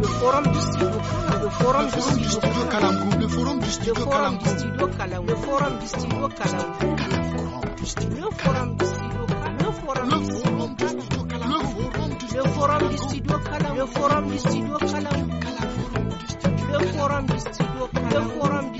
le forum du le forum du studio le forum du le forum du le forum du le forum du le forum le forum le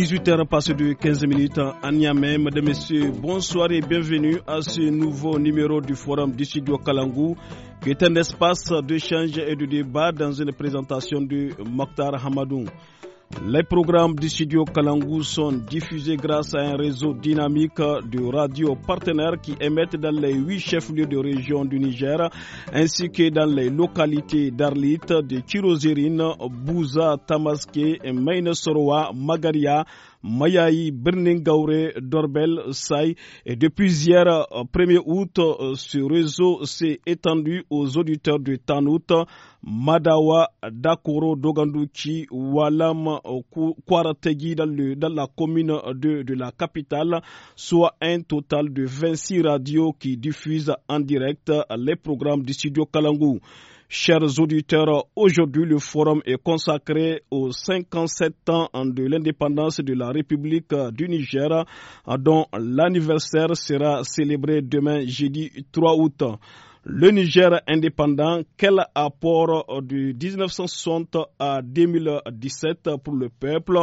18h passé de 15 minutes à Niamey. Mesdames, Messieurs, bonsoir et bienvenue à ce nouveau numéro du Forum du Studio Kalangou, qui est un espace d'échange et de débat dans une présentation de Mokhtar Hamadou. Les programmes du studio Kalangou sont diffusés grâce à un réseau dynamique de radios partenaires qui émettent dans les huit chefs-lieux de région du Niger, ainsi que dans les localités d'Arlit, de Kirozérine, Bouza, Tamaské, Mainesoroa, Magaria, Mayaï, Berningaure, Dorbel, Saï. Et depuis hier, 1er euh, août, euh, ce réseau s'est étendu aux auditeurs de Tanout, Madawa, Dakoro, Doganduki, Walam, euh, Kwarategi dans, la commune de, de la capitale, soit un total de 26 radios qui diffusent en direct les programmes du studio Kalangou. Chers auditeurs, aujourd'hui le forum est consacré aux 57 ans hein, de l'indépendance de la République euh, du Niger, euh, dont l'anniversaire sera célébré demain jeudi 3 août. Le Niger indépendant, quel apport euh, du 1960 à 2017 pour le peuple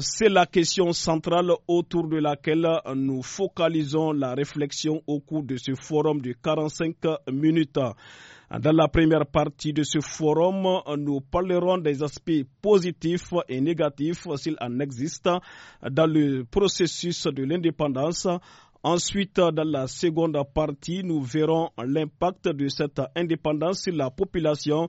C'est la question centrale autour de laquelle nous focalisons la réflexion au cours de ce forum de 45 minutes. Dans la première partie de ce forum, nous parlerons des aspects positifs et négatifs, s'il en existe, dans le processus de l'indépendance. Ensuite, dans la seconde partie, nous verrons l'impact de cette indépendance sur la population,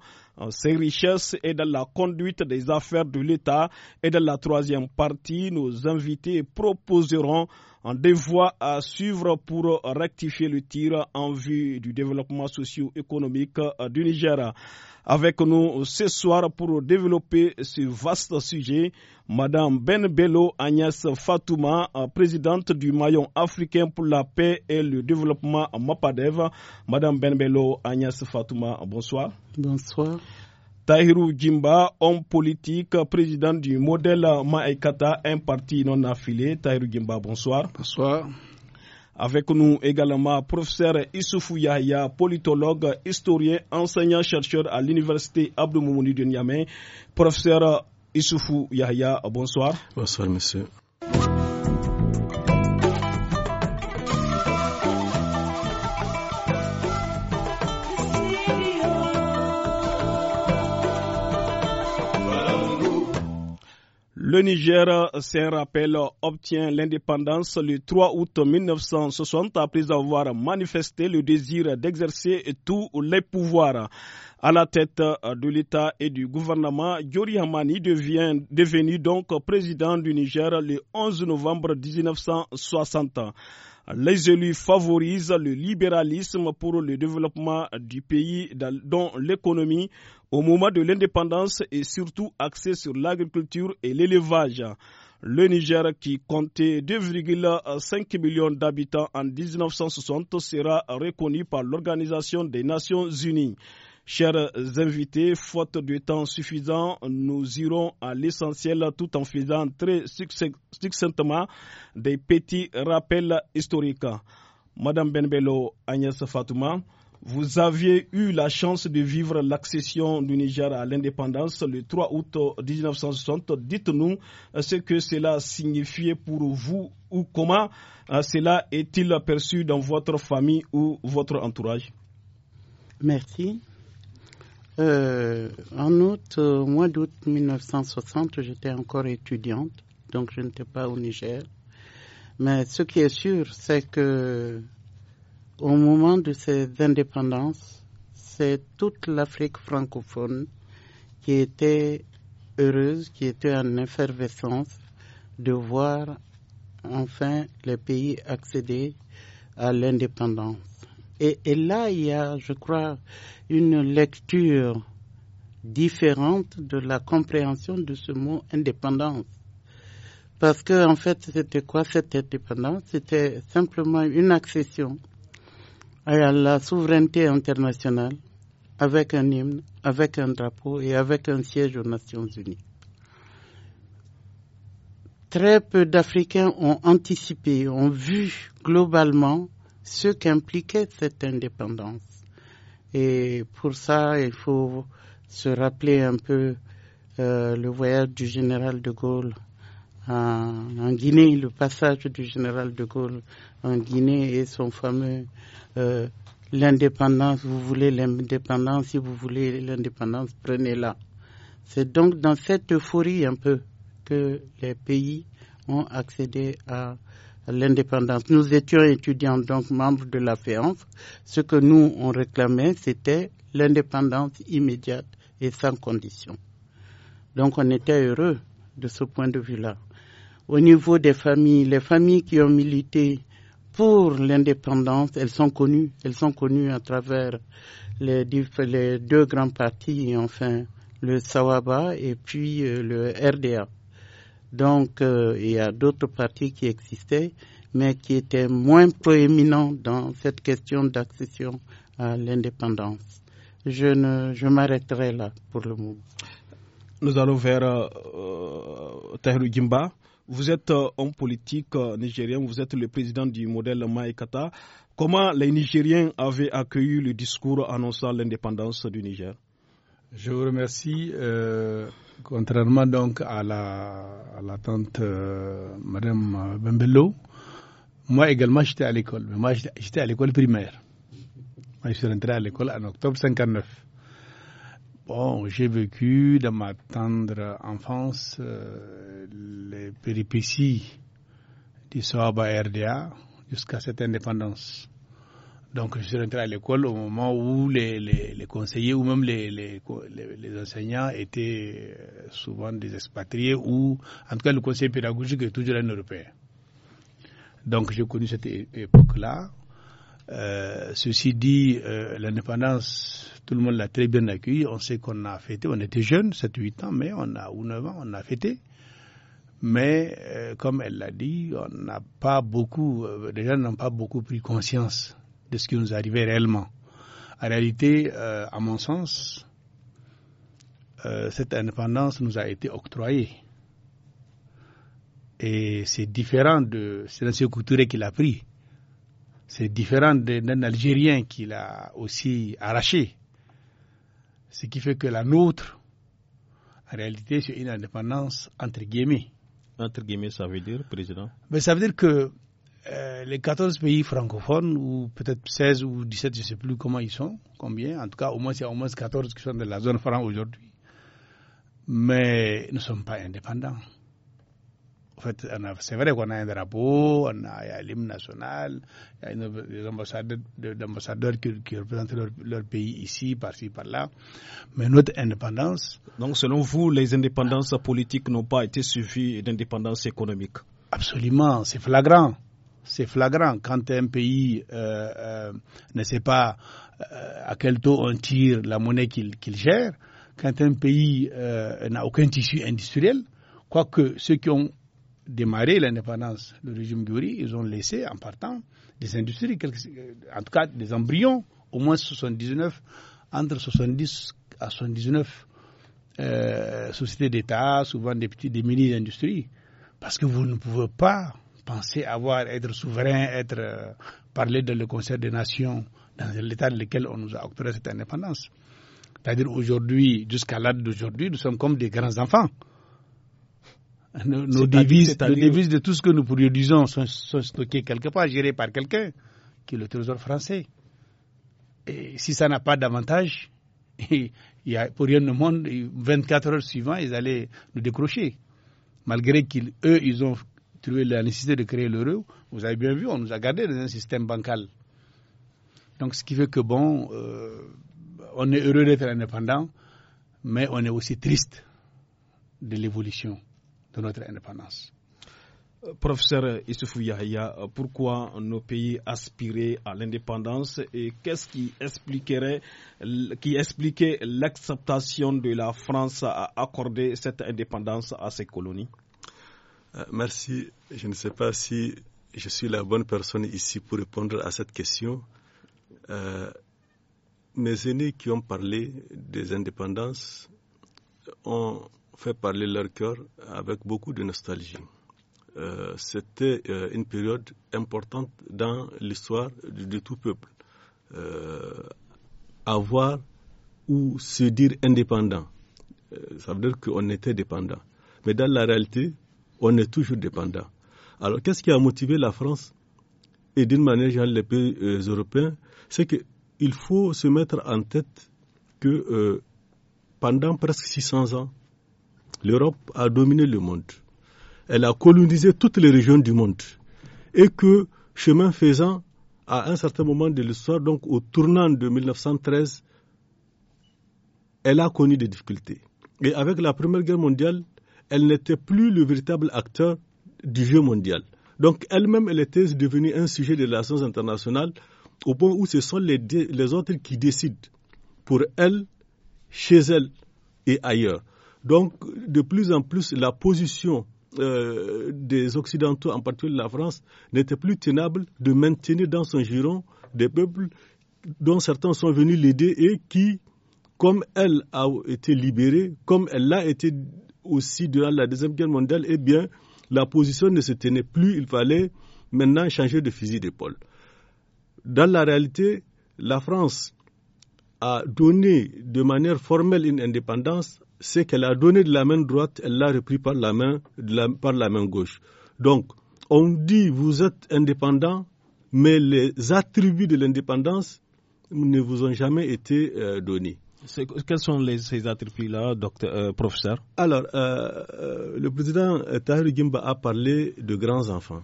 ses richesses et dans la conduite des affaires de l'État. Et dans la troisième partie, nos invités proposeront deux voies à suivre pour rectifier le tir en vue du développement socio-économique du Niger. Avec nous ce soir pour développer ce vaste sujet, Madame Ben Agnès Fatouma, présidente du Maillon africain pour la paix et le développement à MAPADEV. Madame Ben Agnès Fatouma, bonsoir. Bonsoir. Tahiru Jimba, homme politique, président du modèle Maekata, un parti non affilié. Tahiru Jimba, bonsoir. Bonsoir. Avec nous également professeur Issoufou Yahya, politologue, historien, enseignant-chercheur à l'université Abdou Moumouni de Niamey. Professeur Issoufou Yahya, bonsoir. Bonsoir, monsieur. Le Niger, c'est un rappel, obtient l'indépendance le 3 août 1960 après avoir manifesté le désir d'exercer tous les pouvoirs. À la tête de l'État et du gouvernement, Yori Hamani devient devenu donc président du Niger le 11 novembre 1960. Les élus favorisent le libéralisme pour le développement du pays dont l'économie au moment de l'indépendance est surtout axée sur l'agriculture et l'élevage. Le Niger, qui comptait 2,5 millions d'habitants en 1960, sera reconnu par l'Organisation des Nations Unies. Chers invités, faute de temps suffisant, nous irons à l'essentiel tout en faisant très succinctement des petits rappels historiques. Madame Benbello Agnès Fatouma, vous aviez eu la chance de vivre l'accession du Niger à l'indépendance le 3 août 1960. Dites-nous euh, ce que cela signifiait pour vous ou comment euh, cela est-il perçu dans votre famille ou votre entourage. Merci. Euh, en août, euh, au mois d'août 1960, j'étais encore étudiante, donc je n'étais pas au Niger. Mais ce qui est sûr, c'est que au moment de ces indépendances, c'est toute l'Afrique francophone qui était heureuse, qui était en effervescence de voir enfin les pays accéder à l'indépendance. Et, là, il y a, je crois, une lecture différente de la compréhension de ce mot indépendance. Parce que, en fait, c'était quoi cette indépendance C'était simplement une accession à la souveraineté internationale avec un hymne, avec un drapeau et avec un siège aux Nations Unies. Très peu d'Africains ont anticipé, ont vu globalement ce qu'impliquait cette indépendance. Et pour ça, il faut se rappeler un peu euh, le voyage du général de Gaulle en, Guinée, le passage du général de Gaulle en Guinée et son fameux euh, l'indépendance, vous voulez l'indépendance, si vous voulez l'indépendance, prenez-la. C'est donc dans cette euphorie un peu que les pays ont accédé à l'indépendance. Nous étions étudiants, donc membres de la Ce que nous, on réclamait, c'était l'indépendance immédiate et sans condition. Donc on était heureux de ce point de vue-là. Au niveau des familles, les familles qui ont milité pour l'indépendance, elles sont connues. Elles sont connues à travers les, les deux grands partis, enfin le Sawaba et puis euh, le RDA. Donc, euh, il y a d'autres partis qui existaient, mais qui étaient moins proéminents dans cette question d'accession à l'indépendance. Je, je m'arrêterai là pour le moment. Nous allons vers euh, Vous êtes un euh, homme politique euh, nigérien, vous êtes le président du modèle Maïkata. Comment les Nigériens avaient accueilli le discours annonçant l'indépendance du Niger Je vous remercie. Contrairement donc à la, à la tante euh, euh, Bembello, moi également j'étais à l'école, mais moi j'étais à l'école primaire. Moi, je suis rentré à l'école en octobre 59. Bon, j'ai vécu dans ma tendre enfance euh, les péripéties du Soaba RDA jusqu'à cette indépendance. Donc je suis rentré à l'école au moment où les, conseillers ou même les, enseignants étaient euh, souvent des expatriés ou en tout cas le conseil pédagogique est toujours un Européen. Donc j'ai connu cette époque-là. Euh, ceci dit, euh, l'indépendance, tout le monde l'a très bien accueilli. On sait qu'on a fêté, on était jeunes, 7-8 ans, mais on a, ou 9 ans, on a fêté. Mais, comme elle l'a dit, on n'a pas beaucoup, les gens n'ont pas beaucoup pris conscience de ce qui nous arrivait réellement. En réalité, euh, à mon sens, euh, cette indépendance nous a été octroyée. Et c'est différent de C'est l'ancien Couture qui l'a pris. C'est différent d'un Algérien qui l'a aussi arraché. Ce qui fait que la nôtre, en réalité, c'est une indépendance entre guillemets. Entre guillemets, ça veut dire, Président Mais Ça veut dire que euh, les 14 pays francophones, ou peut-être 16 ou 17, je ne sais plus comment ils sont, combien, en tout cas au moins il y a au moins 14 qui sont de la zone franc aujourd'hui. Mais nous ne sommes pas indépendants. En fait, c'est vrai qu'on a un drapeau, on a, a l'hymne national, il y a des ambassadeurs, qui, représentent leur, leur pays ici, par-ci, par-là. Mais notre indépendance. Donc, selon vous, les indépendances politiques n'ont pas été suivies d'indépendance économique Absolument, c'est flagrant. C'est flagrant quand un pays euh, euh, ne sait pas euh, à quel taux on tire la monnaie qu'il gère, quand un pays n'a aucun tissu industriel, quoique ceux qui ont démarré l'indépendance, le régime Guri, ils ont laissé en partant des industries, en tout cas des embryons, au moins 79, entre 70 à 79 euh, sociétés d'État, souvent des petites, des mini-industries, parce que vous ne pouvez pas penser avoir, être souverain, être euh, parler dans le Conseil des Nations, dans l'état dans lequel on nous a octroyé cette indépendance. C'est-à-dire aujourd'hui, jusqu'à l'âge d'aujourd'hui, nous sommes comme des grands enfants. Nos, devises, nos devises de tout ce que nous produisons sont, sont stockées quelque part, gérées par quelqu'un, qui est le trésor français. Et si ça n'a pas d'avantage, il y a pour rien le monde, 24 heures suivantes, ils allaient nous décrocher. Malgré qu'eux, ils ont Trouver la nécessité de créer l'euro, vous avez bien vu, on nous a gardé dans un système bancal. Donc, ce qui fait que, bon, euh, on est heureux d'être indépendant, mais on est aussi triste de l'évolution de notre indépendance. Euh, professeur Issoufou Yahya, euh, pourquoi nos pays aspiraient à l'indépendance et qu'est-ce qui expliquerait, qui expliquait l'acceptation de la France à accorder cette indépendance à ses colonies euh, merci. Je ne sais pas si je suis la bonne personne ici pour répondre à cette question. Euh, mes aînés qui ont parlé des indépendances ont fait parler leur cœur avec beaucoup de nostalgie. Euh, c'était une période importante dans l'histoire de, tout peuple. avoir ou se dire indépendant, ça veut dire qu'on était dépendant. Mais dans la réalité, on est toujours dépendant. Alors, qu'est-ce qui a motivé la France et d'une manière générale les pays euh, européens C'est qu'il faut se mettre en tête que euh, pendant presque 600 ans, l'Europe a dominé le monde. Elle a colonisé toutes les régions du monde. Et que, chemin faisant, à un certain moment de l'histoire, donc au tournant de 1913, elle a connu des difficultés. Et avec la Première Guerre mondiale, elle n'était plus le véritable acteur du jeu mondial. Donc elle-même, elle était devenue un sujet de la science internationale au point où ce sont les, les autres qui décident pour elle, chez elle et ailleurs. Donc de plus en plus, la position euh, des Occidentaux, en particulier la France, n'était plus tenable de maintenir dans son giron des peuples dont certains sont venus l'aider et qui, comme elle a été libérée, comme elle l'a été aussi durant la Deuxième Guerre mondiale, eh bien, la position ne se tenait plus. Il fallait maintenant changer de fusil d'épaule. Dans la réalité, la France a donné de manière formelle une indépendance, c'est qu'elle a donné de la main droite, elle l'a repris par la main, par la main gauche. Donc, on dit vous êtes indépendant, mais les attributs de l'indépendance ne vous ont jamais été euh, donnés. Quels sont les, ces attributs-là, docteur, euh, professeur Alors, euh, euh, le président Tahir Gimba a parlé de grands enfants.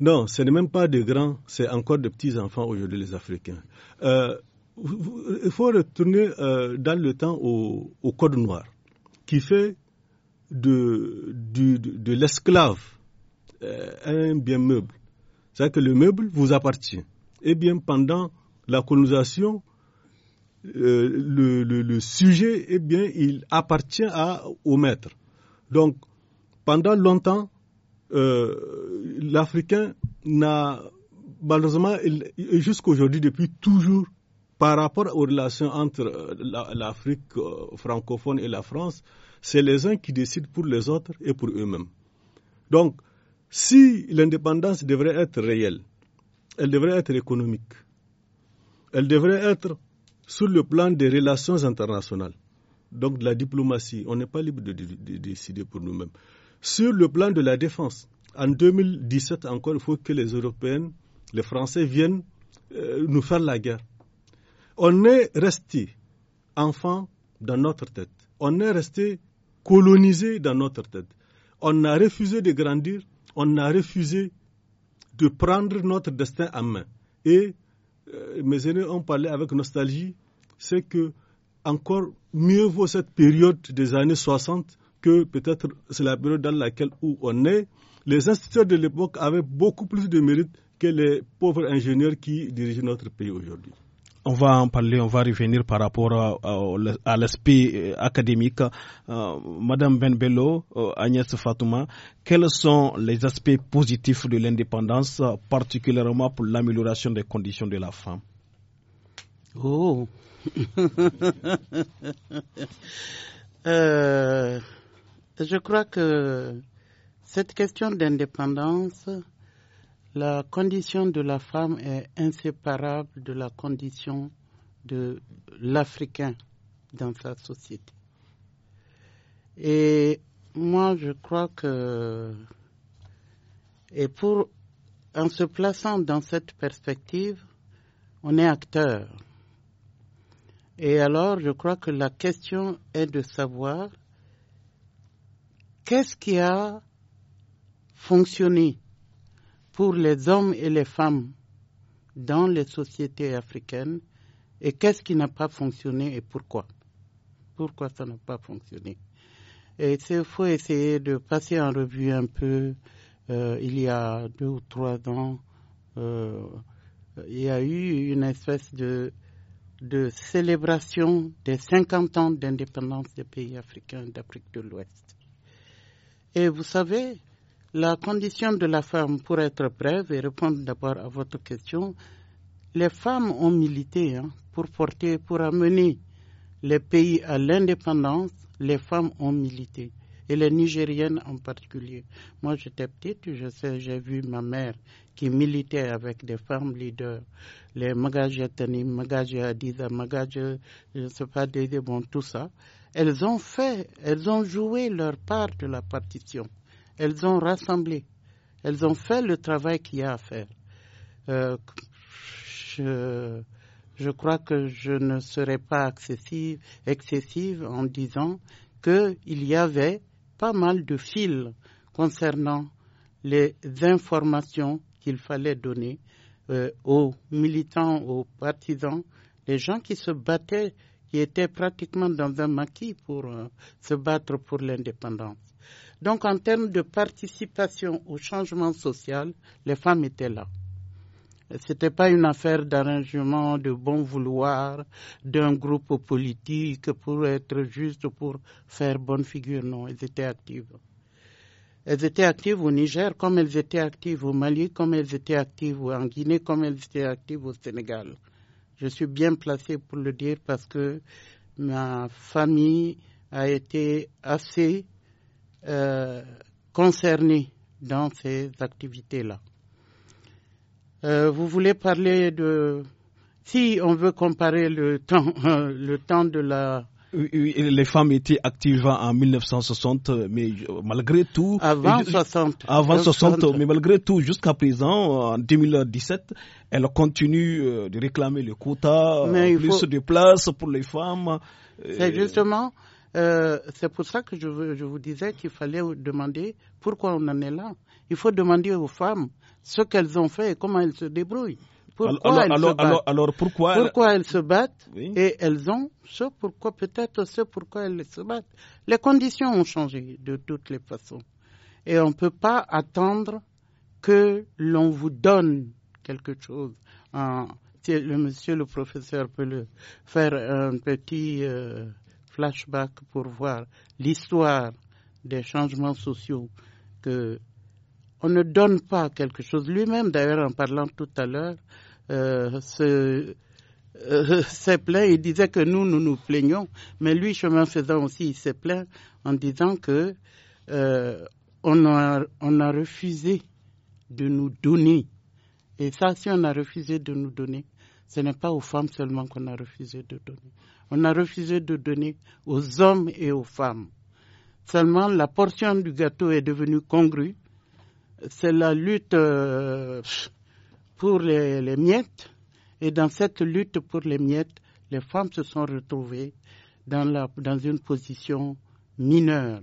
Non, ce n'est même pas de grands, c'est encore de petits enfants aujourd'hui les Africains. il faut retourner dans le temps au, Code noir, qui fait de, l'esclave un bien meuble. C'est-à-dire que le meuble vous appartient. Eh bien, pendant la colonisation, euh, le, sujet, eh bien, il appartient à, au maître. Donc, pendant longtemps, euh, l'Africain n'a, malheureusement, jusqu'à aujourd'hui, depuis toujours, par rapport aux relations entre euh, l'Afrique francophone et la France, c'est les uns qui décident pour les autres et pour eux-mêmes. Donc, si l'indépendance devrait être réelle, elle devrait être économique, elle devrait être sur le plan des relations internationales, donc de la diplomatie, on n'est pas libre de, décider pour nous-mêmes. Sur le plan de la défense, en 2017 encore, il faut que les Européens, les Français viennent euh, nous faire la guerre. On est resté enfant dans notre tête. On est resté colonisé dans notre tête. On a refusé de grandir. On a refusé de prendre notre destin en main. Et euh, mes aînés ont parlé avec nostalgie, c'est que encore mieux vaut cette période des années 60 que peut-être c'est la période dans laquelle où on est. Les instituteurs de l'époque avaient beaucoup plus de mérite que les pauvres ingénieurs qui dirigent notre pays aujourd'hui on va en parler, on va revenir par rapport à, l'aspect euh, académique. Euh, Madame Benbello, euh, Agnès Fatouma, quels sont les aspects positifs de l'indépendance, particulièrement pour l'amélioration des conditions de la femme Oh Je crois que cette question d'indépendance la condition de la femme est inséparable de la condition de l'Africain dans sa société. Et moi, je crois que, et pour, en se plaçant dans cette perspective, on est acteur. Et alors, je crois que la question est de savoir qu'est-ce qui a fonctionné pour les hommes et les femmes dans les sociétés africaines et qu'est-ce qui n'a pas fonctionné et pourquoi. Pourquoi ça n'a pas fonctionné. Et il faut essayer de passer en revue un peu. Euh, il y a deux ou trois ans, euh, il y a eu une espèce de, de célébration des 50 ans d'indépendance des pays africains d'Afrique de l'Ouest. Et vous savez, la condition de la femme, pour être brève et répondre d'abord à votre question, les femmes ont milité hein, pour porter, pour amener les pays à l'indépendance. Les femmes ont milité, et les Nigériennes en particulier. Moi, j'étais petite, je sais, j'ai vu ma mère qui militait avec des femmes leaders, les Magajatani, Tani, Adiza, je ne sais pas, tout ça. Elles ont fait, elles ont joué leur part de la partition. Elles ont rassemblé. Elles ont fait le travail qu'il y a à faire. Euh, je, crois que je ne serai pas excessive, en disant qu'il y avait pas mal de fils concernant les informations qu'il fallait donner euh, aux militants, aux partisans, les gens qui se battaient, qui étaient pratiquement dans un maquis pour euh, se battre pour l'indépendance. Donc en termes de participation au changement social, les femmes étaient là. Ce n'était pas une affaire d'arrangement, de bon vouloir d'un groupe politique pour être juste, pour faire bonne figure. Non, elles étaient actives. Elles étaient actives au Niger comme elles étaient actives au Mali, comme elles étaient actives en Guinée, comme elles étaient actives au Sénégal. Je suis bien placé pour le dire parce que ma famille a été assez euh, concernés dans ces activités-là. Euh, vous voulez parler de... Si on veut comparer le temps, le temps de la... les femmes étaient actives en 1960, mais malgré tout... Avant 60. Avant 60, mais malgré tout, jusqu'à présent, en 2017, elles continuent euh, de réclamer le quota, plus de places pour les femmes. C'est justement euh, c'est pour ça que je, je vous disais qu'il fallait demander pourquoi on en est là. Il faut demander aux femmes ce qu'elles ont fait et comment elles se débrouillent. Pourquoi elles se battent alors, pourquoi, elles se battent et elles ont ce pourquoi peut-être ce pourquoi elles se battent. Les conditions ont changé de toutes les façons et on ne peut pas attendre que l'on vous donne quelque chose. Ah, le monsieur le professeur peut le faire un petit euh, flashback pour voir l'histoire des changements sociaux que on ne donne pas quelque chose. Lui-même, d'ailleurs, en parlant tout à l'heure, euh, euh se, plaint. Il disait que nous, nous nous plaignons, mais lui, chemin faisant aussi, il s'est plaint en disant que euh, on, on a refusé de nous donner. Et ça, si on a refusé de nous donner, ce n'est pas aux femmes seulement qu'on a refusé de donner on a refusé de donner aux hommes et aux femmes. Seulement, la portion du gâteau est devenue congrue. C'est la lutte euh, pour les, miettes. Et dans cette lutte pour les miettes, les femmes se sont retrouvées dans, une position mineure.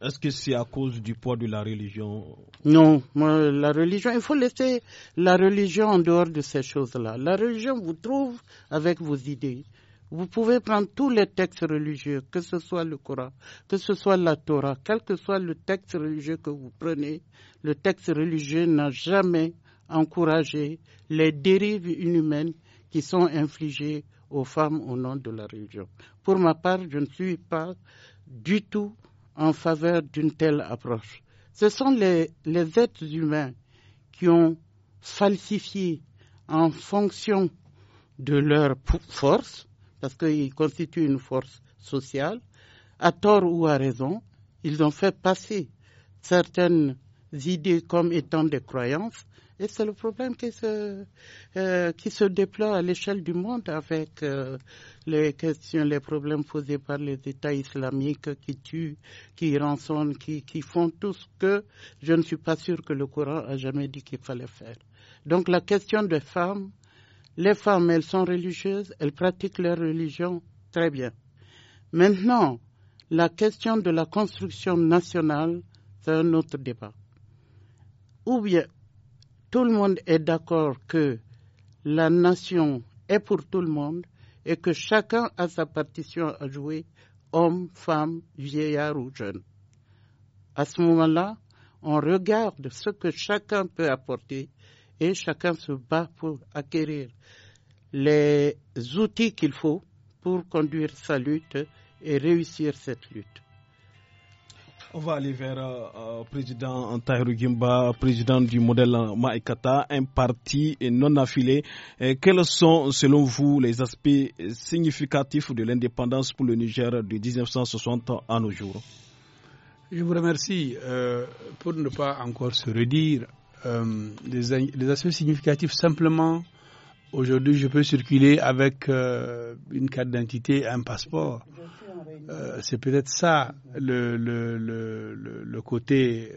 Est-ce que c'est à cause du poids de la religion Non, la religion, il faut laisser la religion en dehors de ces choses-là. La religion vous trouve avec vos idées. Vous pouvez prendre tous les textes religieux, que ce soit le Coran, que ce soit la Torah, quel que soit le texte religieux que vous prenez, le texte religieux n'a jamais encouragé les dérives inhumaines qui sont infligées aux femmes au nom de la religion. Pour ma part, je ne suis pas du tout en faveur d'une telle approche. Ce sont les, les êtres humains qui ont falsifié en fonction de leur force, parce qu'ils constituent une force sociale. À tort ou à raison, ils ont fait passer certaines idées comme étant des croyances. Et c'est le problème qui se, euh, qui se déploie à l'échelle du monde avec euh, les questions, les problèmes posés par les États islamiques qui tuent, qui rançonnent, qui, qui font tout ce que je ne suis pas sûr que le Coran a jamais dit qu'il fallait faire. Donc la question des femmes, les femmes, elles sont religieuses, elles pratiquent leur religion très bien. Maintenant, la question de la construction nationale, c'est un autre débat. Ou bien, tout le monde est d'accord que la nation est pour tout le monde et que chacun a sa partition à jouer, homme, femme, vieillard ou jeune. À ce moment-là, on regarde ce que chacun peut apporter et chacun se bat pour acquérir les outils qu'il faut pour conduire sa lutte et réussir cette lutte. On va aller vers le euh, euh, président Tahiru Gimba, président du modèle Maekata, un parti non affilé. quels sont, selon vous, les aspects significatifs de l'indépendance pour le Niger de 1960 à nos jours Je vous remercie. Euh, pour ne pas encore se redire, euh, des aspects significatifs. Simplement, aujourd'hui, je peux circuler avec euh, une carte d'identité, un passeport. Euh, c'est peut-être ça le, côté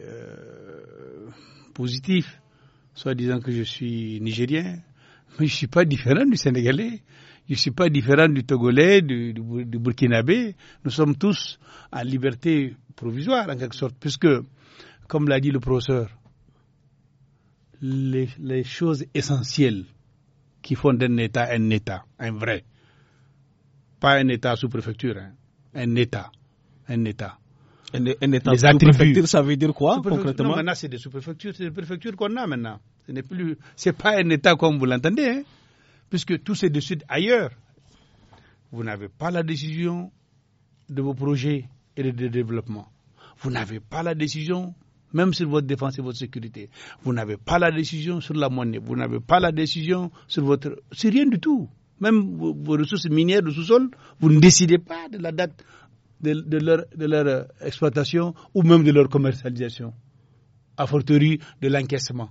positif, soit disant que je suis nigérien, mais je ne suis pas différent du Sénégalais. Je ne suis pas différent du Togolais, du, du, du, Burkinabé. Nous sommes tous en liberté provisoire, en quelque sorte, puisque, comme l'a dit le professeur, les, choses essentielles qui font d'un État un État, un vrai. Pas un État sous préfecture, hein. un État, un État. Un, État sous préfecture, ça veut dire quoi concrètement Maintenant, c'est des sous-préfectures, des préfectures qu'on a maintenant. Ce n'est plus, c'est pas un État comme vous l'entendez, hein. puisque tout c'est de ailleurs. Vous n'avez pas la décision de vos projets et de développement. Vous n'avez pas la décision même sur votre défense et votre sécurité. Vous n'avez pas la décision sur la monnaie, vous n'avez pas la décision sur votre... C'est rien du tout. Même vos, ressources minières de sous-sol, vous ne décidez pas de la date de, leur, euh, exploitation ou même de leur commercialisation, à fortiori de l'encaissement.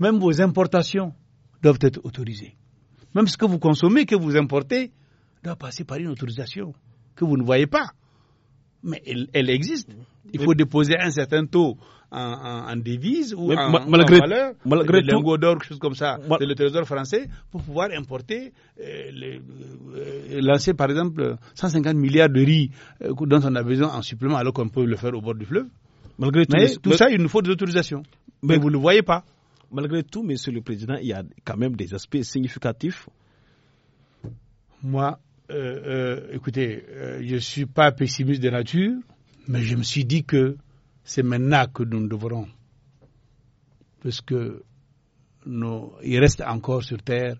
Même vos importations doivent être autorisées. Même ce que vous consommez, que vous importez, doit passer par une autorisation que vous ne voyez pas mais elle, existe. Mm-hmm. Il faut déposer un certain taux en, en, devise ou en, malgré, en valeur, malgré d'or, quelque chose comme ça, c'est le trésor français, pour pouvoir importer, euh, euh, euh, lancer par exemple 150 milliards de riz dont on a besoin en supplément alors qu'on peut le faire au bord du fleuve. Malgré tout, mais tout ça, il nous faut des autorisations. Mais, mais vous ne le voyez pas. Malgré tout, Monsieur le Président, il y a quand même des aspects significatifs. Moi, euh, euh, écoutez, euh, je ne suis pas pessimiste de nature, mais je me suis dit que c'est maintenant que nous devrons, parce que il reste encore sur Terre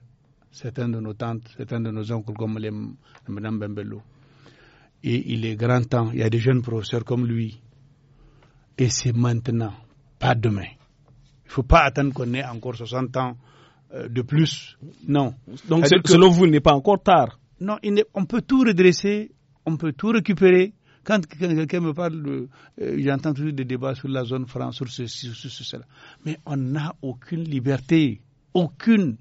certains de nos tantes, certains de nos oncles comme Mme Bembello. Et il est grand temps, il y a des jeunes professeurs comme lui. Et c'est maintenant, pas demain. Il ne faut pas attendre qu'on ait encore 60 ans de plus. Non. Donc, selon vous, il n'est pas encore tard. Non, on peut tout redresser, on peut tout récupérer. Quand quelqu'un me parle, euh, j'entends toujours des débats sur la zone franc, sur ceci, sur cela. Mais on n'a aucune liberté, aucune,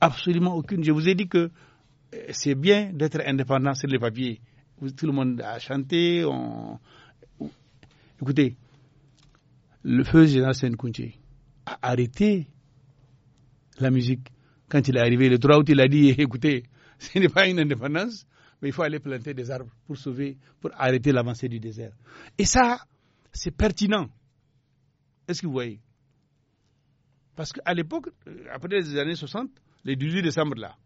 absolument aucune. Je vous ai dit que euh, c'est bien d'être indépendant sur les papiers. Tout le monde a chanté. On... Écoutez, le feu général Senkunche a arrêté la musique quand il est arrivé. Le 3 août, il a dit écoutez, Ce n'est pas une indépendance, mais il faut aller planter des arbres pour sauver, pour arrêter l'avancée du désert. Et ça, c'est pertinent. Est-ce que vous voyez Parce qu'à l'époque, euh, après les années 60, les 18 décembre là,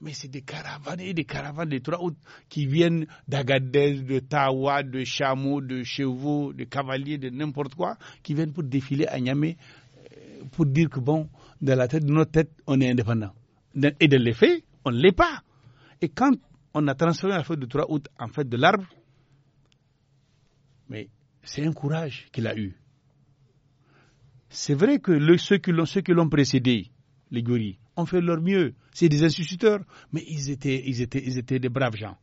mais c'est des caravanes et des caravanes de trois août qui viennent d'Agadez, de Tawa, de chameaux, de chevaux, de cavaliers, de n'importe quoi, qui viennent pour défiler à Niamey euh, pour dire que bon, dans la tête de notre tête, on est indépendant. Et de l'effet, on ne l'est pas. Et quand on a transformé la fête de 3 août en fête de l'arbre, mais c'est un courage qu'il a eu. C'est vrai que ceux qui l'ont précédé, les gorilles, ont fait leur mieux. C'est des instituteurs, mais ils étaient, ils, étaient, ils étaient des braves gens.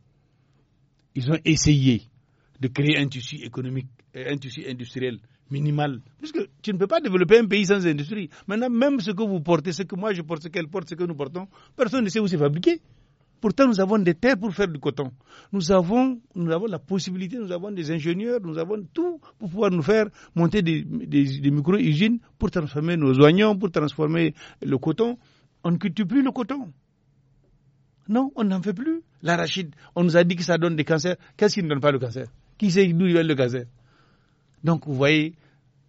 Ils ont essayé de créer un tissu économique, un tissu industriel minimal. Parce que tu ne peux pas développer un pays sans industrie. Maintenant, même ce que vous portez, ce que moi je porte, ce qu'elle porte, ce que nous portons, personne ne sait où c'est fabriqué. Pourtant, nous avons des terres pour faire du coton. Nous avons, nous avons la possibilité, nous avons des ingénieurs, nous avons tout pour pouvoir nous faire monter des, micro-usines pour transformer nos oignons, pour transformer le coton. On ne cultive plus le coton. Non, on n'en fait plus. L'arachide, on nous a dit que ça donne des cancers. Qu'est-ce qui ne donne pas le cancer Qui sait d'où il donne le cancer Donc, vous voyez,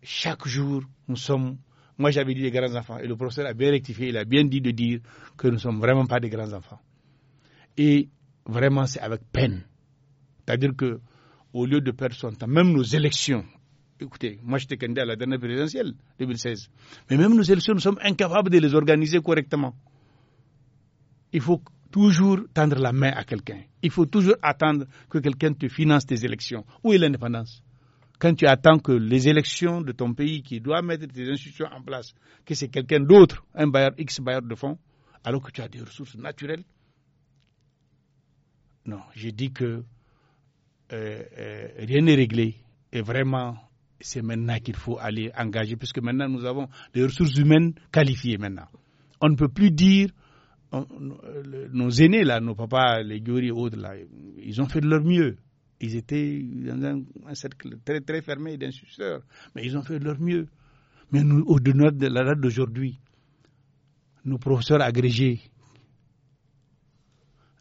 chaque jour, nous sommes moi, j'avais dit des grands enfants. Et le professeur a bien rectifié, il a bien dit de dire que nous ne sommes vraiment pas des grands enfants. Et vraiment, c'est avec peine. C'est-à-dire que au lieu de perdre son temps, même nos élections, écoutez, moi j'étais candidat à la dernière présidentielle, 2016, mais même nos élections, nous sommes incapables de les organiser correctement. Il faut toujours tendre la main à quelqu'un. Il faut toujours attendre que quelqu'un te finance tes élections. Où est l'indépendance Quand tu attends que les élections de ton pays qui doit mettre tes institutions en place, que c'est quelqu'un d'autre, un bailleur X bailleur de fonds, alors que tu as des ressources naturelles, non, j'ai dit que euh, euh, rien n'est réglé. Et vraiment, c'est maintenant qu'il faut aller engager, puisque maintenant nous avons des ressources humaines qualifiées maintenant. On ne peut plus dire, nos aînés là, nos papas, les Gyori et autres là, ils ont fait de leur mieux. Ils étaient dans un, cercle très très fermé d'insulteurs, mais ils ont fait de leur mieux. Mais nous, au-delà de la date d'aujourd'hui, nos professeurs agrégés,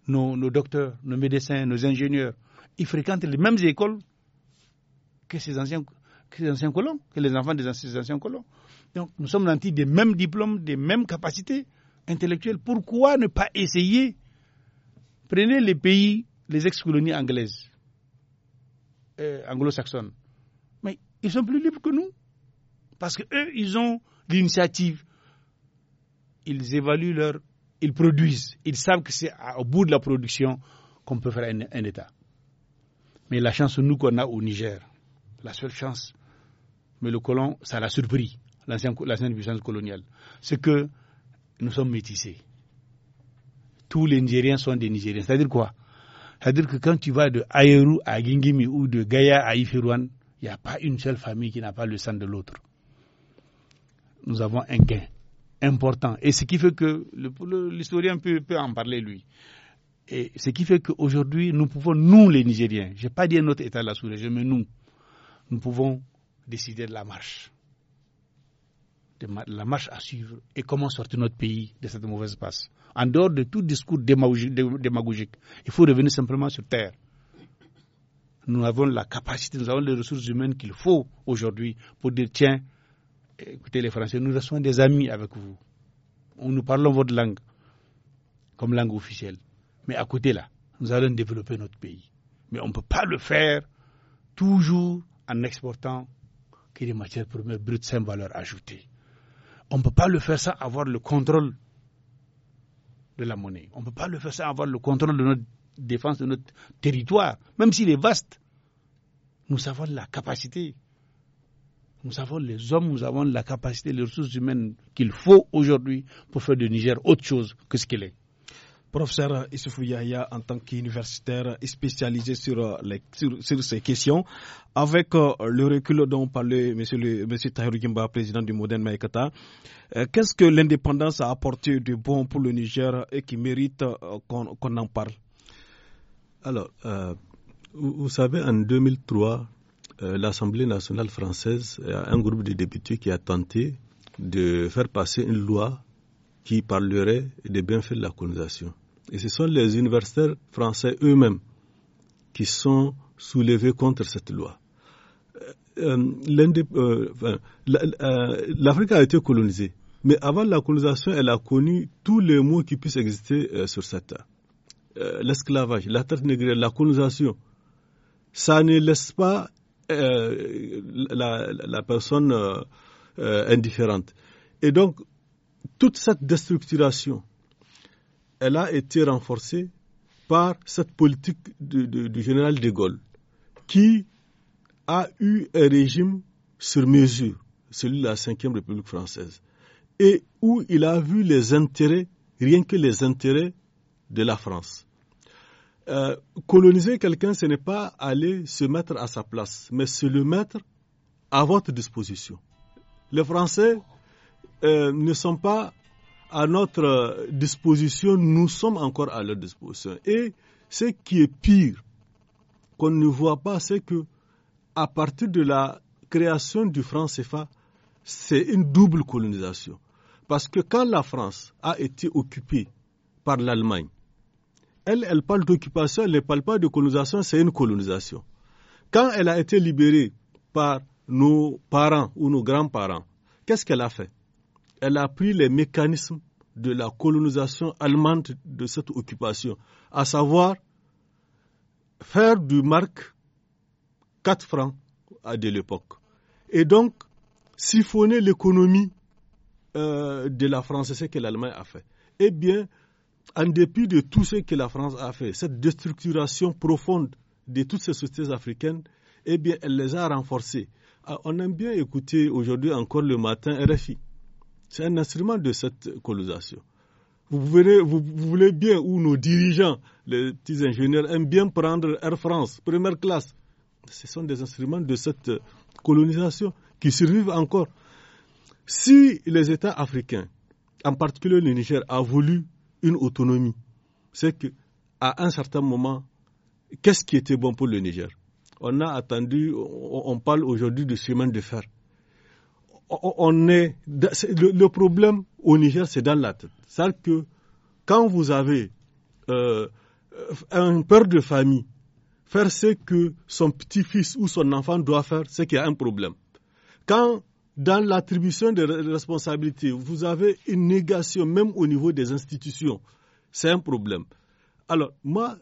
nos, nos docteurs, nos médecins, nos ingénieurs, ils fréquentent les mêmes écoles que ces anciens, colons, que les enfants des anciens, colons. Donc nous sommes nantis des mêmes diplômes, des mêmes capacités intellectuelles. Pourquoi ne pas essayer Prenez les pays, les ex-colonies anglaises, euh, anglo-saxonnes. Mais ils sont plus libres que nous. Parce qu'eux, ils ont l'initiative. Ils évaluent leur ils produisent. Ils savent que c'est au bout de la production qu'on peut faire un, État. Mais la chance, nous, qu'on a au Niger, la seule chance, mais le colon, ça l'a surpris, l'ancienne puissance coloniale, c'est que nous sommes métissés. Tous les Nigériens sont des Nigériens. C'est-à-dire quoi C'est-à-dire que quand tu vas de Ayeru à Gingimi ou de Gaïa à Ifirouane, il n'y a pas une seule famille qui n'a pas le sang de l'autre. Nous avons un gain important. Et ce qui fait que l'historien peut, en parler lui. Et ce qui fait qu'aujourd'hui, nous pouvons, nous les Nigériens, je n'ai pas dit notre État de la Souris, mais nous, nous pouvons décider de la marche, la marche à suivre et comment sortir notre pays de cette mauvaise passe. En dehors de tout discours démagogique, il faut revenir simplement sur terre. Nous avons la capacité, nous avons les ressources humaines qu'il faut aujourd'hui pour dire tiens, écoutez les Français, nous restons des amis avec vous. Nous parlons votre langue comme langue officielle. Mais à côté là, nous allons développer notre pays. Mais on ne peut pas le faire toujours en exportant que des matières premières brutes sans valeur ajoutée. On ne peut pas le faire sans avoir le contrôle de la monnaie. On ne peut pas le faire sans avoir le contrôle de notre défense, de notre territoire, même s'il est vaste. Nous avons la capacité nous avons les hommes, nous avons la capacité, les ressources humaines qu'il faut aujourd'hui pour faire du Niger autre chose que ce qu'il est. Professeur Issoufou Yahya, en tant qu'universitaire spécialisé sur, euh, ces questions, avec euh, le recul dont parlait M. Monsieur Tahirou Gimba, président du Modène Maïkata, euh, qu'est-ce que l'indépendance a apporté de bon pour le Niger et qui mérite qu'on en parle Alors, vous savez, en 2003, euh, l'Assemblée nationale française, un groupe de députés qui a tenté de faire passer une loi qui parlerait des bienfaits de la colonisation. Et ce sont les universitaires français eux-mêmes qui sont soulevés contre cette loi. Euh, euh, L'Afrique a été colonisée, mais avant la colonisation, elle a connu tous les mots qui puissent exister sur cette terre. L'esclavage, la terre négrière, la colonisation, ça ne laisse pas euh, la, personne euh, euh, indifférente. Et donc, toute cette déstructuration, elle a été renforcée par cette politique du, général de Gaulle, qui a eu un régime sur mesure, celui de la cinquième République française, et où il a vu les intérêts, rien que les intérêts de la France. Euh, coloniser quelqu'un, ce n'est pas aller se mettre à sa place, mais se le mettre à votre disposition. Les Français euh, ne sont pas à notre disposition, nous sommes encore à leur disposition. Et ce qui est pire, qu'on ne voit pas, c'est que à partir de la création du france CFA, c'est une double colonisation. Parce que quand la France a été occupée par l'Allemagne, elle, elle parle d'occupation, elle ne parle pas de colonisation, c'est une colonisation. Quand elle a été libérée par nos parents ou nos grands-parents, qu'est-ce qu'elle a fait Elle a pris les mécanismes de la colonisation allemande de cette occupation, à savoir faire du marque 4 francs à de l'époque. Et donc, siphonner l'économie euh, de la France, c'est ce que l'Allemagne a fait. Eh bien, en dépit de tout ce que la France a fait, cette déstructuration profonde de toutes ces sociétés africaines, eh bien, elle les a renforcées. Ah, on aime bien écouter aujourd'hui encore le matin RFI. C'est un instrument de cette colonisation. Vous, vous, voulez bien où nos dirigeants, les petits ingénieurs, aiment bien prendre Air France, première classe. Ce sont des instruments de cette colonisation qui survivent encore. Si les États africains, en particulier le Niger, a voulu une autonomie. C'est que à un certain moment, qu'est-ce qui était bon pour le Niger On a attendu, on parle aujourd'hui de chemin de fer. On est, le, problème au Niger, c'est dans la tête. C'est-à-dire que quand vous avez euh, un père de famille faire ce que son petit-fils ou son enfant doit faire, c'est qu'il y a un problème. Quand dans l'attribution des responsabilités, vous avez une négation même au niveau des institutions. C'est un problème. Alors, moi,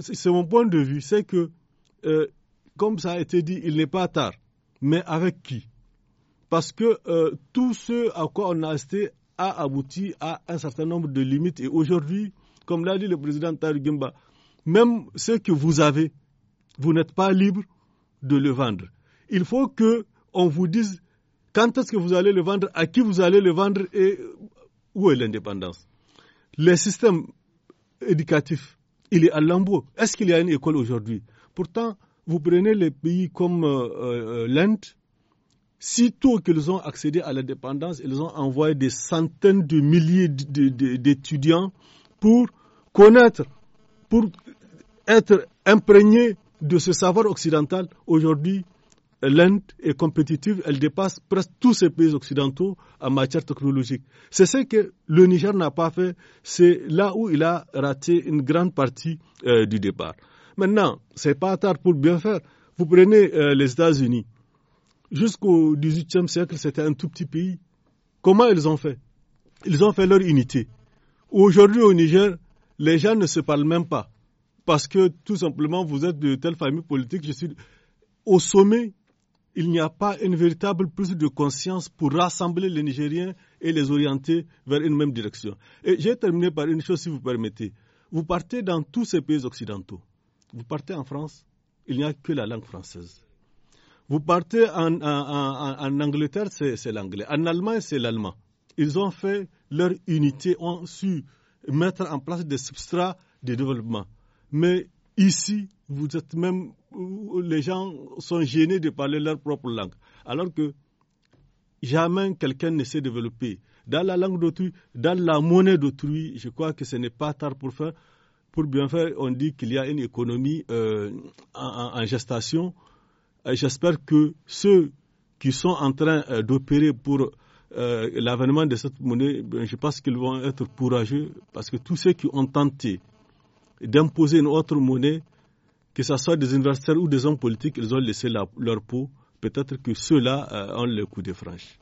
c'est mon point de vue, c'est que, euh, comme ça a été dit, il n'est pas tard. Mais avec qui Parce que euh, tout ce à quoi on a assisté a abouti à un certain nombre de limites. Et aujourd'hui, comme l'a dit le président Gimba, même ce que vous avez, vous n'êtes pas libre de le vendre. Il faut que on vous dise quand est-ce que vous allez le vendre À qui vous allez le vendre Et où est l'indépendance Le système éducatif, il est à l'embout. Est-ce qu'il y a une école aujourd'hui Pourtant, vous prenez les pays comme euh, euh, l'Inde, sitôt qu'ils ont accédé à l'indépendance, ils ont envoyé des centaines de milliers d'étudiants pour connaître, pour être imprégnés de ce savoir occidental. Aujourd'hui, l'Inde est compétitive, elle dépasse presque tous ces pays occidentaux en matière technologique. C'est ce que le Niger n'a pas fait, c'est là où il a raté une grande partie euh, du départ. Maintenant, c'est pas tard pour bien faire. Vous prenez euh, les États-Unis. Jusqu'au XVIIIe siècle, c'était un tout petit pays. Comment ils ont fait Ils ont fait leur unité. Aujourd'hui au Niger, les gens ne se parlent même pas. Parce que tout simplement, vous êtes de telle famille politique, je suis au sommet il n'y a pas une véritable prise de conscience pour rassembler les Nigériens et les orienter vers une même direction. Et j'ai terminé par une chose, si vous permettez. Vous partez dans tous ces pays occidentaux. Vous partez en France, il n'y a que la langue française. Vous partez en, en Angleterre, c'est l'anglais. En Allemagne, c'est l'allemand. Ils ont fait leur unité, ont su mettre en place des substrats de développement. Mais ici, vous êtes même les gens sont gênés de parler leur propre langue. Alors que jamais quelqu'un ne s'est développé. Dans la langue d'autrui, dans la monnaie d'autrui, je crois que ce n'est pas tard pour faire. Pour bien faire, on dit qu'il y a une économie euh, en, gestation. J'espère que ceux qui sont en train euh, d'opérer pour euh, l'avènement de cette monnaie, ben, je pense qu'ils vont être courageux parce que tous ceux qui ont tenté d'imposer une autre monnaie, que ce soit des universitaires ou des hommes politiques, ils ont laissé leur peau. Peut-être que ceux-là euh, ont le coup de franche.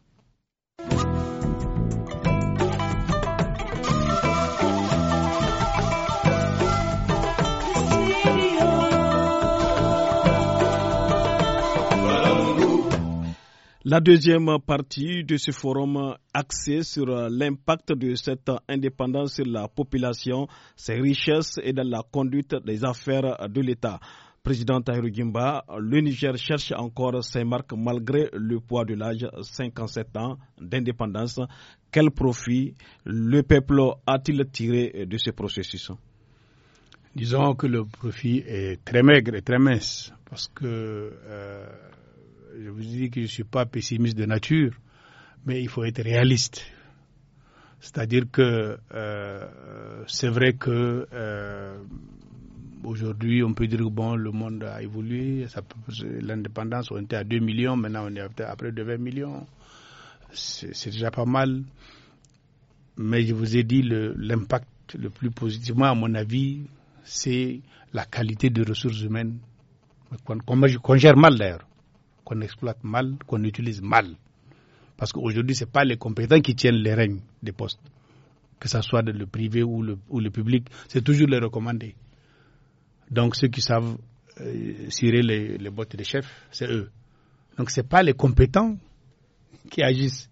La deuxième partie de ce forum axée sur l'impact de cette indépendance sur la population, ses richesses et dans la conduite des affaires de l'État. Président Tahirou Gimba, le Niger cherche encore ses marques malgré le poids de l'âge 57 ans d'indépendance. Quel profit le peuple a-t-il tiré de ce processus Disons que le profit est très maigre et très mince parce que euh, je vous dis que je ne suis pas pessimiste de nature, mais il faut être réaliste. C'est-à-dire que euh, c'est vrai que euh, aujourd'hui, on peut dire que bon, le monde a évolué, l'indépendance, on était à 2 millions, maintenant on est à près de 20 millions. C'est déjà pas mal. Mais je vous ai dit, l'impact le, plus positivement, à mon avis, c'est la qualité des ressources humaines qu'on gère mal d'ailleurs qu'on exploite mal, qu'on utilise mal. Parce qu'aujourd'hui, ce n'est pas les compétents qui tiennent les règnes des postes, que ce soit le privé ou le, public, c'est toujours les recommandés. Donc ceux qui savent euh, cirer les, bottes des chefs, c'est eux. Donc ce n'est pas les compétents qui agissent,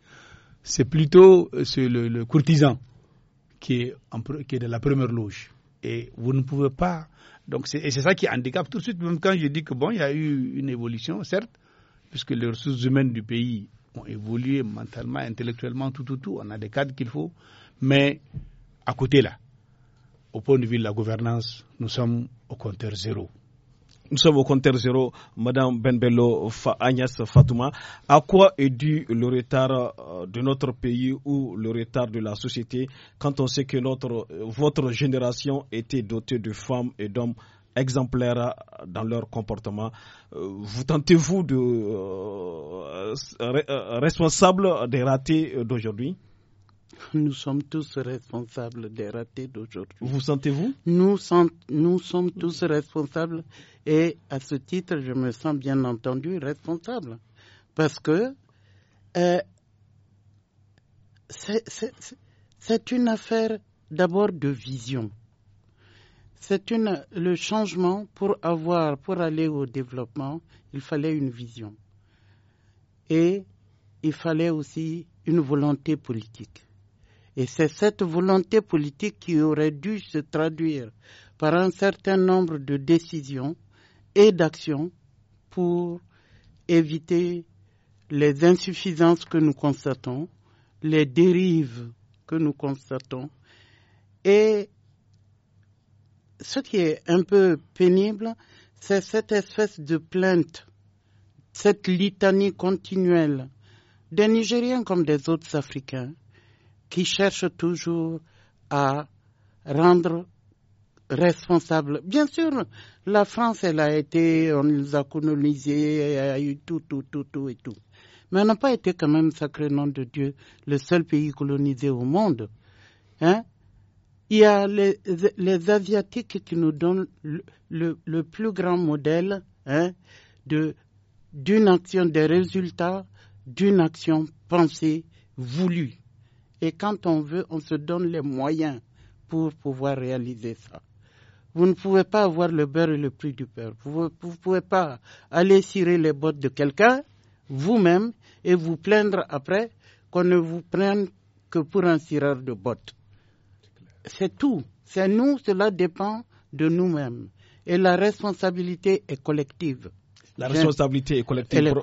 c'est plutôt euh, le, courtisan qui est, en, est de la première loge. Et vous ne pouvez pas. Donc c'est ça qui handicape tout de suite, même quand je dis que bon, il y a eu une évolution, certes, puisque les ressources humaines du pays ont évolué mentalement, intellectuellement, tout, tout, tout. On a des cadres qu'il faut. Mais à côté là, au point de vue de la gouvernance, nous sommes au compteur zéro. Nous sommes au compteur zéro, Madame Benbello Agnès Fatouma. À quoi est dû le retard euh, de notre pays ou le retard de la société quand on sait que notre, euh, votre génération était dotée de femmes et d'hommes exemplaires dans leur comportement. Euh, vous tentez-vous de euh, euh, responsable des ratés d'aujourd'hui Nous sommes tous responsables des ratés d'aujourd'hui. Vous sentez-vous nous, sommes tous responsables et à ce titre, je me sens bien entendu responsable parce que c'est une affaire d'abord de vision. C'est une, le changement pour avoir, pour aller au développement, il fallait une vision. Et il fallait aussi une volonté politique. Et c'est cette volonté politique qui aurait dû se traduire par un certain nombre de décisions et d'actions pour éviter les insuffisances que nous constatons, les dérives que nous constatons et ce qui est un peu pénible, c'est cette espèce de plainte, cette litanie continuelle des Nigériens comme des autres Africains qui cherchent toujours à rendre responsable. Bien sûr, la France, elle a été, on les a colonisés, elle a eu tout, tout, tout, tout et tout. Mais elle n'a pas été quand même, sacré nom de Dieu, le seul pays colonisé au monde. Hein? Il y a les, les Asiatiques qui nous donnent le, plus grand modèle hein, de, d'une action, des résultats d'une action pensée, voulue. Et quand on veut, on se donne les moyens pour pouvoir réaliser ça. Vous ne pouvez pas avoir le beurre et le prix du beurre. Vous ne pouvez pas aller cirer les bottes de quelqu'un, vous-même, et vous plaindre après qu'on ne vous prenne que pour un cireur de bottes c'est tout. C'est nous, cela dépend de nous-mêmes. Et la responsabilité est collective. La responsabilité est collective.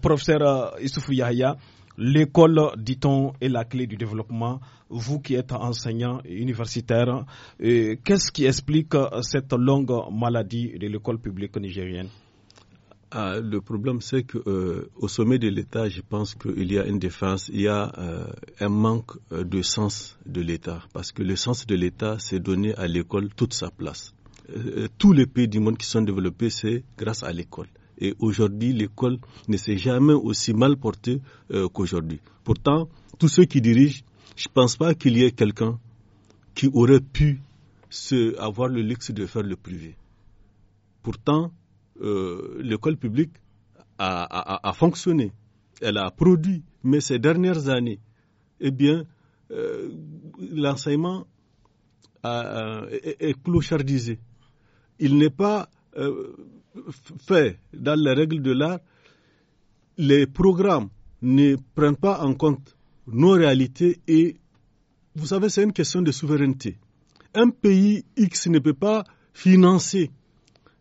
professeur euh, Issoufou Yahya, l'école, dit-on, est la clé du développement. Vous qui êtes enseignant universitaire, euh, qu'est-ce qui explique euh, cette longue maladie de l'école publique nigérienne ah, le problème, c'est que euh, sommet de l'État, je pense qu'il y a une défense, il y a euh, un manque euh, de sens de l'État, parce que le sens de l'État, c'est donner à l'école toute sa place. Euh, tous les pays du monde qui sont développés, c'est grâce à l'école. Et aujourd'hui, l'école ne s'est jamais aussi mal portée qu'aujourd'hui. Pourtant, tous ceux qui dirigent, je ne pense pas qu'il y ait quelqu'un qui aurait pu se, avoir le luxe de faire le privé. Pourtant, euh, l'école publique a, fonctionné, elle a produit, mais ces dernières années, eh bien, euh, l'enseignement est, clochardisé. Il n'est pas euh, fait dans les règles de l'art. Les programmes ne prennent pas en compte nos réalités et, vous savez, c'est une question de souveraineté. Un pays X ne peut pas financer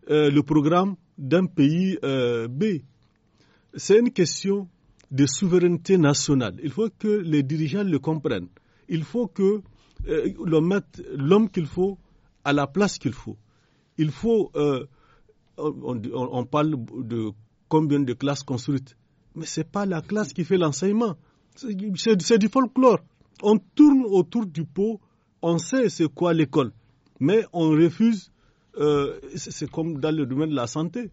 le programme d'un pays euh, B. C'est une question de souveraineté nationale. Il faut que les dirigeants le comprennent. Il faut que euh, l'on mette l'homme qu'il faut à la place qu'il faut. Il faut, euh, on, on, parle de combien de classes construites, mais ce n'est pas la classe qui fait l'enseignement. C'est du folklore. On tourne autour du pot, on sait c'est quoi l'école, mais on refuse euh, c'est comme dans le domaine de la santé.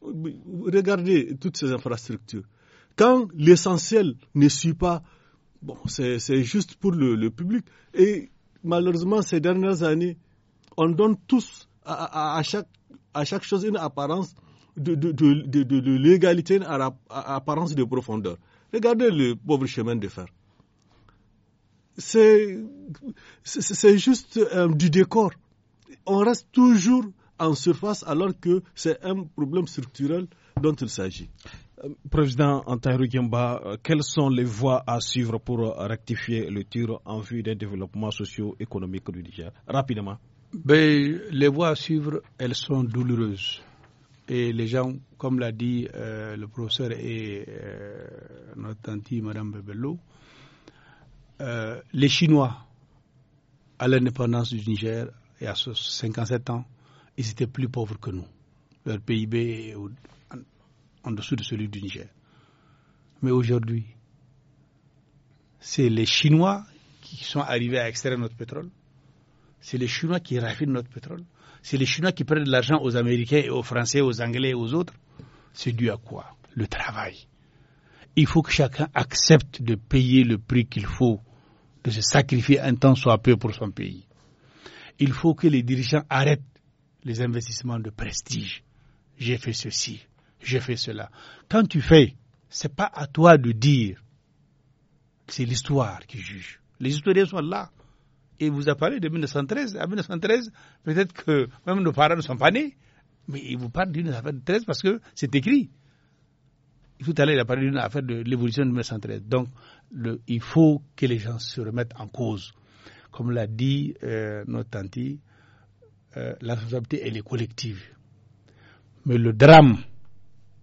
Regardez toutes ces infrastructures. Quand l'essentiel ne suit pas, bon, c'est juste pour le, public. Et malheureusement, ces dernières années, on donne tous à, chaque, à chaque chose une apparence de, de, l'égalité, une apparence de profondeur. Regardez le pauvre chemin de fer. C'est juste euh, du décor on reste toujours en surface alors que c'est un problème structurel dont il s'agit. Euh, Président Antairu Gimba, euh, quelles sont les voies à suivre pour euh, rectifier le tir en vue d'un développement socio-économique du Niger Rapidement. Ben, les voies à suivre, elles sont douloureuses. Et les gens, comme l'a dit le professeur et notre tante Madame Bebello, les Chinois, à l'indépendance du Niger, il y a 57 ans, ils étaient plus pauvres que nous. Leur PIB est en, dessous de celui du Niger. Mais aujourd'hui, c'est les Chinois qui sont arrivés à extraire notre pétrole. C'est les Chinois qui raffinent notre pétrole. C'est les Chinois qui prennent de l'argent aux Américains, et aux Français, aux Anglais et aux autres. C'est dû à quoi Le travail. Il faut que chacun accepte de payer le prix qu'il faut, de se sacrifier un temps soit peu pour son pays il faut que les dirigeants arrêtent les investissements de prestige. J'ai fait ceci, j'ai fait cela. Quand tu fais, c'est pas à toi de dire. C'est l'histoire qui juge. Les historiens sont là. Et vous a parlé de 1913. À 1913, peut-être que même nos parents ne sont pas nés. Mais il vous parle d'une affaire de 1913 parce que c'est écrit. Tout à l'heure, il a parlé d'une affaire de l'évolution de 1913. Donc, il faut que les gens se remettent en cause comme l'a dit euh, notre tante, euh, la responsabilité, elle est collective. Mais le drame,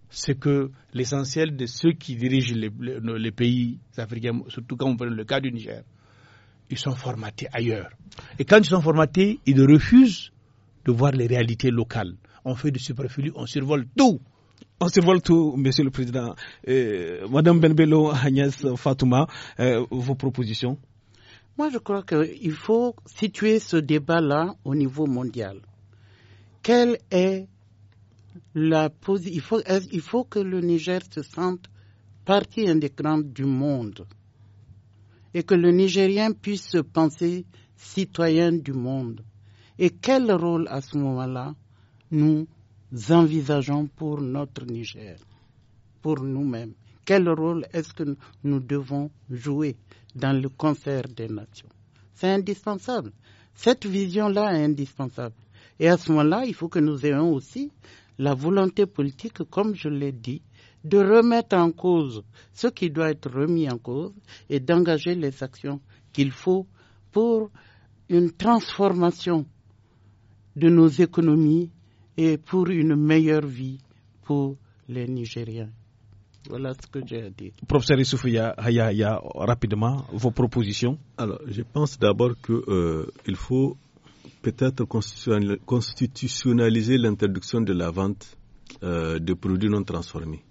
c'est que l'essentiel de ceux qui dirigent les, pays africains, surtout quand on prend le cas du Niger, ils sont formatés ailleurs. Et quand ils sont formatés, ils refusent de voir les réalités locales. On fait du superflu, on survole tout. On survole tout, Monsieur le Président. Euh, Madame Agnès Fatouma, euh, vos propositions moi, je crois qu'il faut situer ce débat-là au niveau mondial. Quelle est la il faut, il faut que le Niger se sente partie intégrante du monde et que le Nigérien puisse se penser citoyen du monde. Et quel rôle à ce moment-là nous envisageons pour notre Niger, pour nous-mêmes quel rôle est-ce que nous devons jouer dans le concert des nations C'est indispensable. Cette vision-là est indispensable. Et à ce moment-là, il faut que nous ayons aussi la volonté politique, comme je l'ai dit, de remettre en cause ce qui doit être remis en cause et d'engager les actions qu'il faut pour une transformation de nos économies et pour une meilleure vie pour les Nigériens. Voilà ce que j'ai à dire. Professeur Issoufia a rapidement, vos propositions Alors, je pense d'abord qu'il euh, faut peut-être constitutionnaliser l'interdiction de la vente euh, de produits non transformés.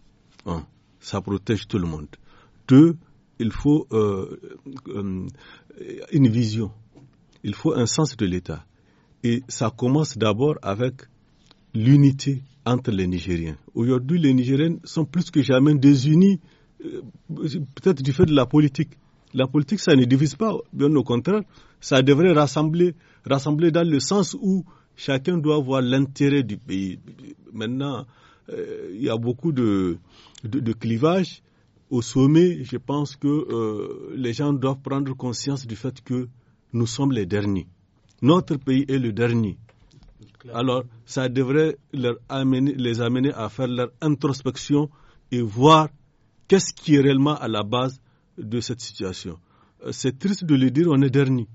Un, ça protège tout le monde. Deux, il faut euh, une vision. Il faut un sens de l'État. Et ça commence d'abord avec l'unité entre les Nigériens. Aujourd'hui, les Nigériens sont plus que jamais désunis, euh, peut-être du fait de la politique. La politique, ça ne divise pas, bien au contraire, ça devrait rassembler, rassembler dans le sens où chacun doit voir l'intérêt du pays. Maintenant, euh, il y a beaucoup de, de, clivages. Au sommet, je pense que euh, les gens doivent prendre conscience du fait que nous sommes les derniers. Notre pays est le dernier. Alors, ça devrait leur amener, les amener à faire leur introspection et voir qu'est-ce qui est réellement à la base de cette situation. Euh, c'est triste de le dire, on est dernier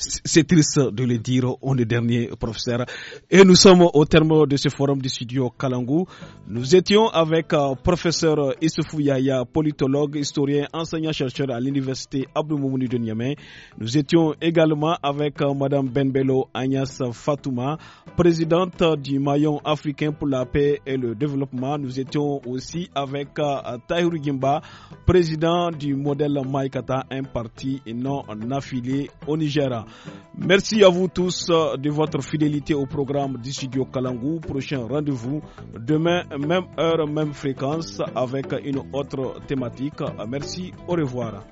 c'est triste de le dire, on est dernier professeur. Et nous sommes au terme de ce forum du studio Kalangou. Nous étions avec euh, professeur Issoufou Yaya, politologue, historien, enseignant-chercheur à l'université Abdou de Niamey. Nous étions également avec Mme euh, madame Benbelo Agnès Fatouma, présidente du maillon africain pour la paix et le développement. Nous étions aussi avec euh, Tahiru Gimba, président du modèle Maïkata, un parti non affilié au Nigeria. Merci à vous tous euh, de votre fidélité au programme du studio Kalangou. Prochain rendez-vous demain, même heure, même fréquence avec une autre thématique. Merci, au revoir.